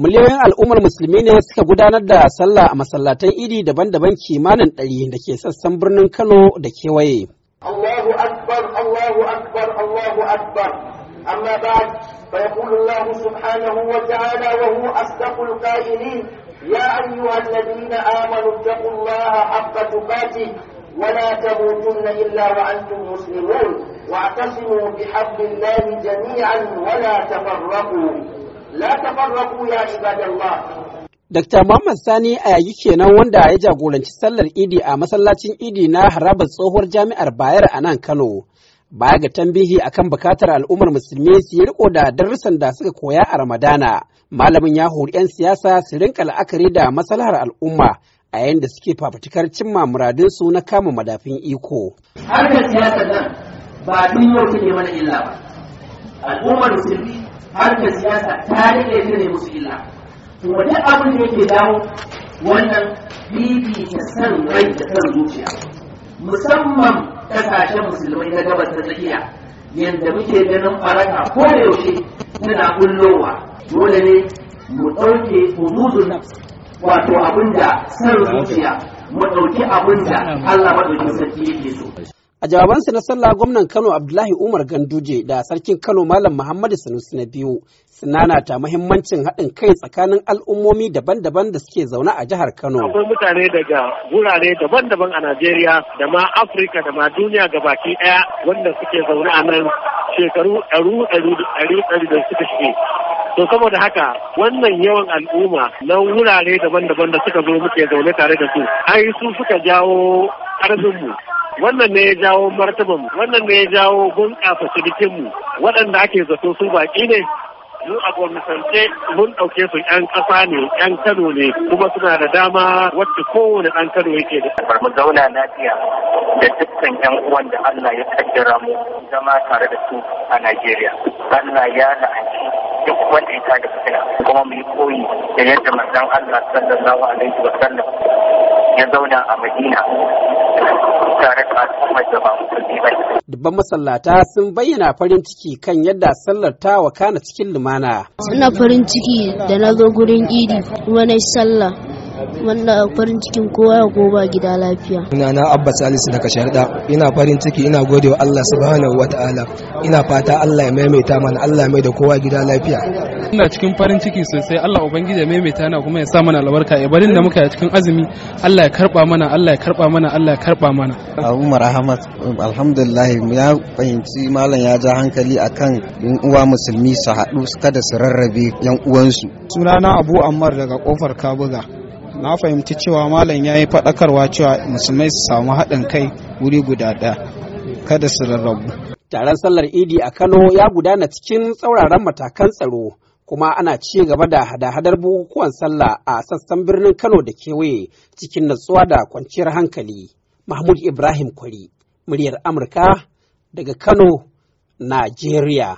Miliyoyin al'ummar musulmi ne suka gudanar da sallah a masallatan idi daban-daban kimanin ɗari da ke sassan birnin Kano da kewaye. Allahu akbar, Allahu akbar, Allahu akbar. Amma ba'd fa yaqulu Allah subhanahu wa ta'ala wa huwa asdaqul qa'ilin ya ayyuha alladhina amanu taqullaha haqqa tuqatih wa la tamutunna illa wa antum muslimun wa'tasimu bihablillahi jami'an wa la tafarraqu. la tafarraqu ya ibadallah Dr. Muhammad Sani Ayayi kenan wanda ya jagoranci sallar Idi a masallacin Idi na harabar tsohuwar jami'ar Bayar a nan Kano. Baya ga tambihi akan bukatar al'ummar musulmi su yi riko da darussan da suka koya a Ramadana. Malamin ya hori 'yan siyasa su rinka la'akari da maslahar al'umma a yayin da suke fafutukar cimma muradinsu na kama madafin iko. Harkar siyasar nan ba duk yau ne mana illa ba. Al'ummar musulmi harkar siyasa ta rike ta ne musu illa to wani abin da yake dawo wannan bibi ta san rai da san zuciya musamman kashe musulmai na gabas ta tsakiya yadda muke ganin faraka ko da yaushe tana kullowa dole ne mu ɗauke hududun wato abinda san zuciya mu ɗauki abinda Allah maɗauki sarki yake so A jawabansa na sallah gwamnan Kano Abdullahi Umar Ganduje da sarkin Kano Malam Muhammadu Sanusi na biyu ta muhimmancin haɗin kai tsakanin al'ummomi daban-daban da suke zaune a jihar Kano. Akwai mutane daga wurare daban-daban a Najeriya da ma Afirka da ma duniya gabaki ɗaya wanda suke zaune a nan shekaru ɗaru-ɗaru da suka shige. To saboda haka wannan yawan al'umma na wurare daban-daban da suka zo muke zaune tare da su, ai su suka jawo mu. wannan ne ya jawo mu. wannan ne ya jawo bunƙasa mu waɗanda ake zato su baki ne mu a gwamnatance mun ɗauke su 'yan ƙasa ne 'yan kano ne kuma suna da dama wacce kowane ɗan kano yake da bar mu zauna lafiya da dukkan 'yan uwan da Allah ya kaddara mu zama tare da su a Najeriya Allah ya la'anci duk wanda ya tada fitina kuma mu yi koyi da yadda manzon Allah sallallahu alaihi wa sallam ya zauna a madina tare da al'ummar da ba musulmi ba dubban masallata sun bayyana farin ciki kan yadda sallar ta wakana cikin lumana ina farin ciki da na zo gurin idi wani sallah wanda farin cikin kowa ya goba gida lafiya. Ina na Abba Salisu daga Sharda. Ina farin ciki ina gode Allah subhanahu wa ta'ala. Ina fata Allah ya maimaita mana Allah mai da kowa gida lafiya. ina cikin farin ciki sosai Allah ubangiji ya maimaita na kuma ya sa mana albarka Barin da muka yi cikin azumi Allah ya karba mana Allah ya karba mana Allah ya karba mana Umar Ahmad alhamdulillah ya fahimci malam ya ja hankali akan yan uwa musulmi su haɗu kada su rarrabe yan uwansu sunana Abu Ammar daga kofar Kabuga na fahimci cewa malam ya yi faɗakarwa cewa musulmai su samu haɗin kai wuri guda ɗaya kada su rarrabu taron sallar idi a kano ya gudana cikin tsauraran matakan tsaro kuma ana ci gaba da hada-hadar bukukuwan sallah a sassan birnin Kano da kewaye cikin natsuwa da kwanciyar hankali. Mahmud Ibrahim Kwari, muryar Amurka daga Kano, Najeriya.